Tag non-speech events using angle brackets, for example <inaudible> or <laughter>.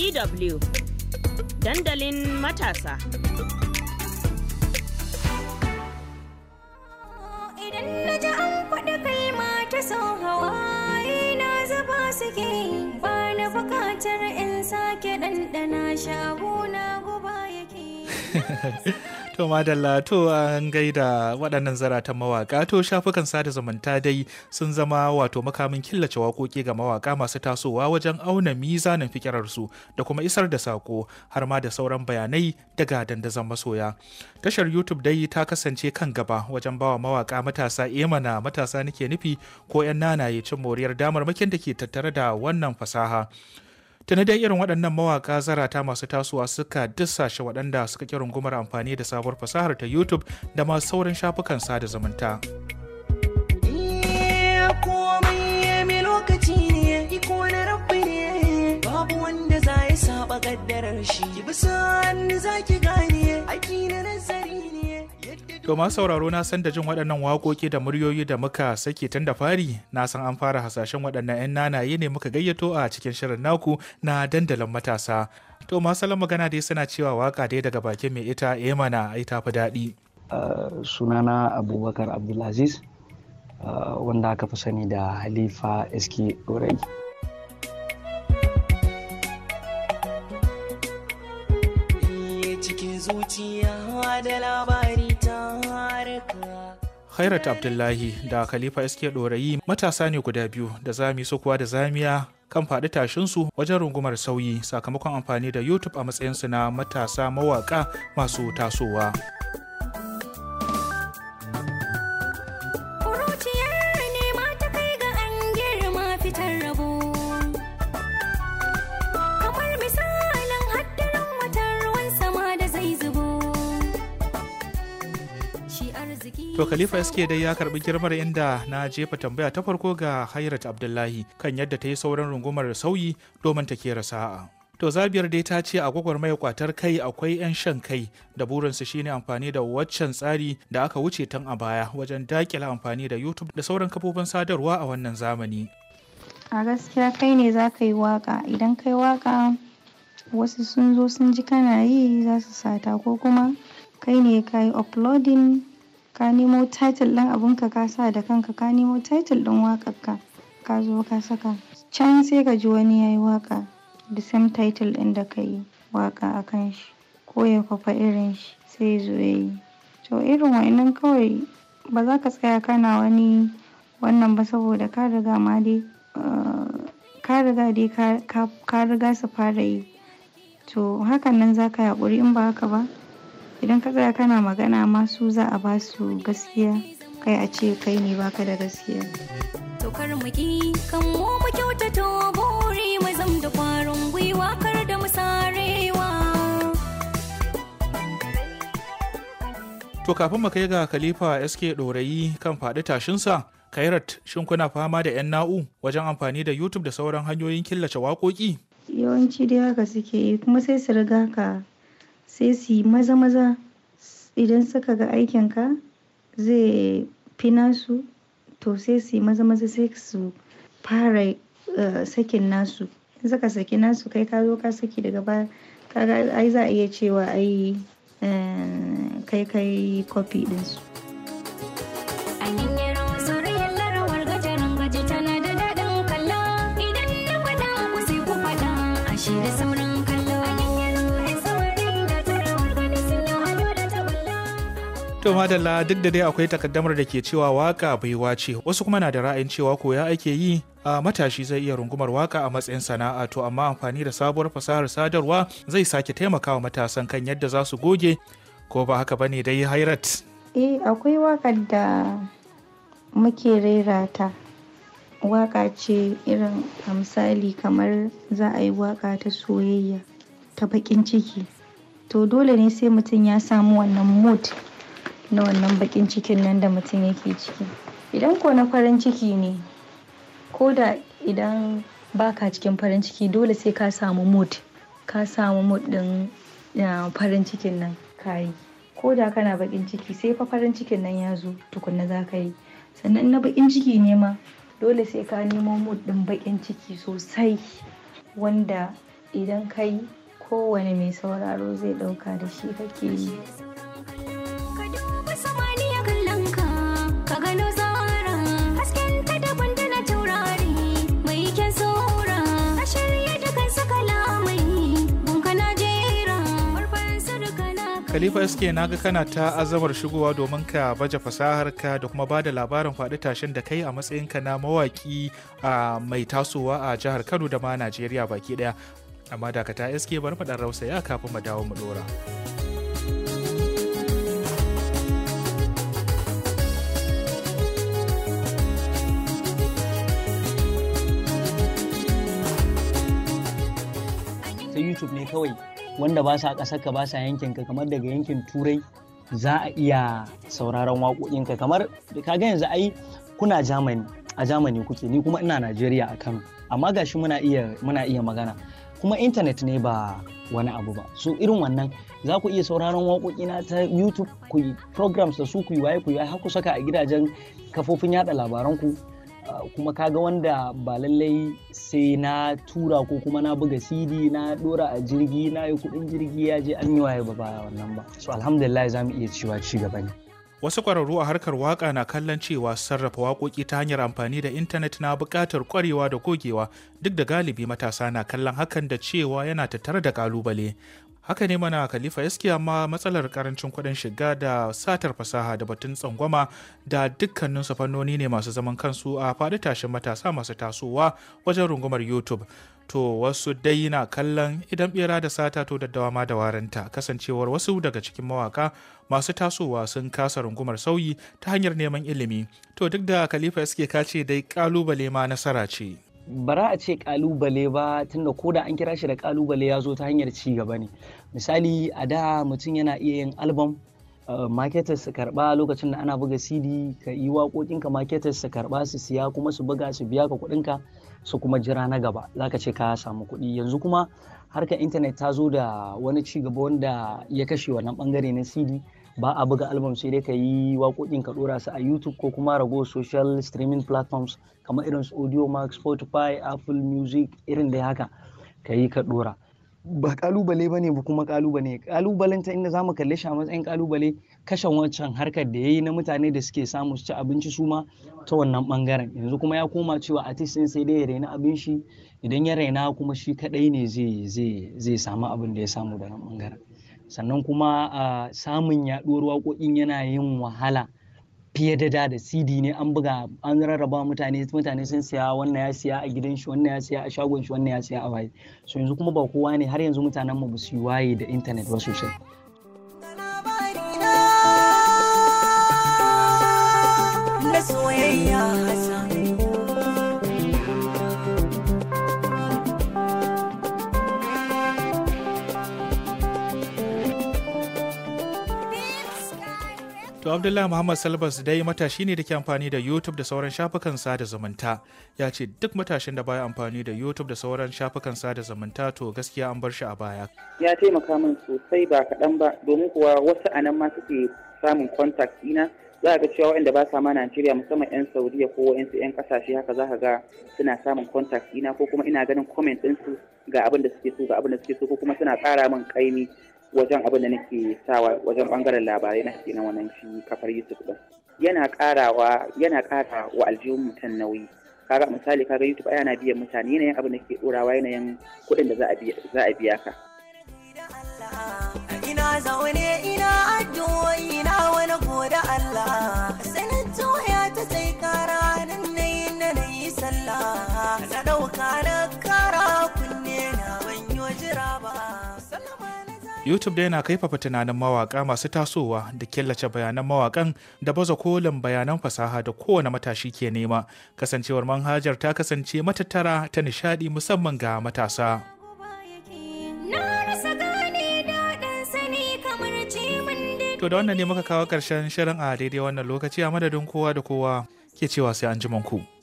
DW dandalin matasa. Idan na ji an faɗi kalma ta sau hawaye na zuba suke ba na bukatar in sake ɗanɗana shagu na guba yake. <laughs> To madalla to an gaida waɗannan zaratan mawaƙa to shafukan sada zumunta dai sun zama wato makamin killace waƙoƙi ga mawaƙa masu tasowa wajen auna mizanin fikirarsu da kuma isar da sako har ma da sauran bayanai daga dandazon masoya. Tashar YouTube dai ta kasance kan gaba wajen bawa mawaƙa matasa emana eh matasa nake nufi ko 'yan nanaye cin moriyar damar damarmakin da ke tattare da wannan fasaha. tuni dai irin waɗannan mawaƙa zarata masu tasowa suka dissashe waɗanda suka ƙi rungumar amfani da sabuwar fasahar ta youtube da masu saurin shafukan sada zumunta eh, saba shi bisa zaki gane aiki na nazari ne To masu sauraro na san da jin waɗannan waƙoƙi da muryoyi da muka sake tun da fari na san an fara hasashen waɗannan 'yan nanaye ne muka gayyato a cikin shirin naku na dandalin matasa. To masu magana dai suna cewa waka dai daga bakin mai ita emana eh ai ta fi daɗi. Ah, sunana abubakar abdulaziz ah, wanda aka fi sani da halifa sk ɗorai. cikin zuciya da labari Khairat Abdullahi da Khalifa iske Dorayi matasa ne guda biyu da zami kuwa da zamiya kan faɗi tashinsu wajen rungumar sauyi sakamakon amfani da YouTube a matsayinsu na matasa mawaƙa masu tasowa. To Khalifa SK dai ya karbi girmar inda na jefa tambaya ta farko ga Hairat Abdullahi kan yadda ta yi sauran rungumar sauyi domin ta kera sa'a. To zabiyar dai ta ce a gwagwarmayar kwatar kai akwai 'yan shan kai da burinsu shine amfani da waccan tsari da aka wuce tun a baya wajen dakila amfani da YouTube da sauran kafofin sadarwa a wannan zamani. A gaskiya kai ne za ka yi waka idan kai waka wasu sun zo sun ji kana yi za su sata ko kuma kai ne ka yi uploading Ka nemo title ɗin abunka ka sa da kanka, ka nemo title ɗin waƙar ka ka zo ka saka. Can sai ka ji wani ya yi waƙa da same title ɗin da ka yi waƙa a kan shi ko ya kwafa irin shi sai zo ya yi. To irin wa'innan kawai ba za ka tsaya kana wani wannan ba saboda ka riga ma dai eh, ka riga dai ka riga su fara yi. To hakan nan za ka yi haƙuri in ba haka ba. Idan ka ga kana magana masu za a ba su gaskiya kai a ce kai ne baka da gaskiya. Tokar muki kan mu mu to buri mu zam da kwarin gwiwa kar da mu To kafin mu kai ga Khalifa SK Dorayi kan faɗi tashinsa, Kairat shin kuna fama da 'yan na'u wajen amfani da YouTube da sauran hanyoyin killace waƙoƙi? Yawanci dai haka suke yi kuma sai su riga ka sai su yi maza-maza idan suka ga aikinka zai fi nasu to sai su yi maza-maza sai su fara eh, sakin nasu in suka saki nasu kai ka zo ka saki daga baya kaga ai za a iya cewa ai eh, kai kai kofi ɗinsu da doesn't To madalla duk da dai akwai takaddamar da ke cewa waka baiwa ce wasu kuma na da ra'ayin cewa koya ake yi a matashi zai iya rungumar waka a matsayin sana'a to amma amfani da sabuwar fasahar sadarwa zai sake taimakawa matasan kan yadda za su goge ko ba haka bane dai hairat. Eh akwai wakar da muke rera ta waka ce irin a misali kamar za a yi waka ta soyayya ta bakin ciki to dole ne sai mutum ya samu wannan mood na wannan baƙin cikin nan da mutum yake ciki. Idan ko na farin ciki ne, ko da idan ba ka cikin farin ciki dole sai ka samu mood, ka samu mood din farin cikin nan ka Ko da kana baƙin ciki sai fa farin cikin nan ya zo tukunna za ka yi. Sannan na bakin ciki ne ma dole sai ka nemo mood din baƙin ciki sosai wanda idan ka kowane mai sauraro zai ɗauka da shi kake yi. Khalifa SK na ga kana ta azamar shigowa domin ka baje fasahar ka da kuma ba da labarin faɗi tashin da kai a matsayinka na mawaki mai tasowa a jihar Kano da ma Najeriya baki ɗaya. Amma dakata SK bari mu ɗan rausaya kafin mu dawo mu ɗora. YouTube ne kawai wanda ba sa ƙasar ka ba sa yankin ka kamar daga yankin turai za a iya sauraron waƙoƙinka kamar ka ga yanzu ai kuna Germany a jamani kuke ni kuma ina Najeriya a Kano amma gashi muna iya magana kuma intanet ne ba wani abu ba so irin wannan za ku iya sauraron waƙoƙina ta YouTube ku yi programs da su ku yi waye ku yi har ku saka a gidajen kafofin yada labaran ku kuma kaga wanda ba lallai sai na tura ko kuma na buga cd na dora a jirgi na yi kudin jirgi ya je an yi waye ba wannan ba so alhamdulillah za mu iya cewa ci gaba ne wasu kwararru a harkar waƙa na kallon cewa sarrafa waƙoƙi ta hanyar amfani da intanet na buƙatar kwarewa da gogewa duk da galibi matasa na kallon hakan da cewa yana tattare da ƙalubale haka ne mana khalifa yaski amma matsalar karancin kuɗin shiga da satar fasaha da batun tsangwama da dukkanin su fannoni ne masu zaman kansu a faɗi tashin matasa masu tasowa wajen rungumar youtube to wasu dai na kallon idan bera da sata to daddawa ma da warinta kasancewar wasu daga cikin mawaka masu tasowa sun kasa rungumar sauyi ta hanyar neman ilimi to duk da khalifa ka kace dai kalubale ma nasara ce bara a ce kalubale ba tunda ko da an kira shi da kalubale ya zo ta hanyar ci gaba ne misali a da mutum yana iya yin album eh, marketers su karba lokacin da ana buga cd ka yi ka marketers su karba su siya kuma su buga su biya ka ka su kuma jira na gaba za ka ce ka samu kuɗi yanzu kuma harkar intanet ta zo da wani ci gaba wanda ya kashe wannan bangare na cd ba a buga album sai dai ka yi waƙoƙin ka ɗora su a youtube ko kuma rago social streaming platforms kamar irin su audio max spotify apple music irin dai haka ka yi ka ɗora ba ƙalubale ba ne ba kuma ƙalubale ƙalubalen ta inda za mu kalle shi matsayin ƙalubale kashe wancan harkar da ya yi na mutane da suke samu su ci abinci su ma ta wannan ɓangaren yanzu kuma ya koma cewa artist din sai dai ya raina abin shi idan ya raina kuma shi kaɗai ne zai samu abin da ya samu da nan ɓangaren. sannan kuma samun yaɗuwar waƙoƙin yana yin wahala fiye da da da cd ne an buga an rarraba mutane mutane sun siya wannan ya siya a gidan shi wannan ya siya a shagon shi wannan ya siya a waye so yanzu kuma ba kowa ne har yanzu mutanen mu ba su yi waye da intanet ba sosai To Abdullahi Muhammad Salbas dai matashi ne da ke amfani da YouTube da sauran shafukan sada zumunta. Ya ce duk matashin da baya amfani da YouTube da sauran shafukan sada zumunta to gaskiya an bar shi a baya. Ya taimaka min sosai ba kaɗan ba domin kuwa wasu a nan ma suke samun contact ina Za ga cewa waɗanda ba sa ma Najeriya musamman 'yan Saudiya ko wa'insu 'yan kasashe haka za ka ga suna samun contact ina ko kuma ina ganin comment ɗinsu ga abin da suke so ga abin da suke so ko kuma suna ƙara min ƙaimi wajen abin da nake sawa wajen bangaren labarai na kenan wannan shi kafar YouTube din yana karawa yana kara wa aljihun mutum nauyi kaga misali kaga YouTube yana biyan mutane yanayin abin da ke dorawa yanayin kuɗin da za a biya ka ina zaune ina addu'o'i na wani gode Allah sanin ya ta sai YouTube da yana kaifafa tunanin mawaka masu tasowa da killace bayanan mawakan da baza kolin bayanan fasaha da kowane matashi ke nema. Kasancewar manhajar ta kasance matattara ta nishadi musamman ga matasa. To da wannan ne muka kawo ƙarshen shirin a daidai wannan lokaci a madadin kowa da kowa ke cewa sai an ku.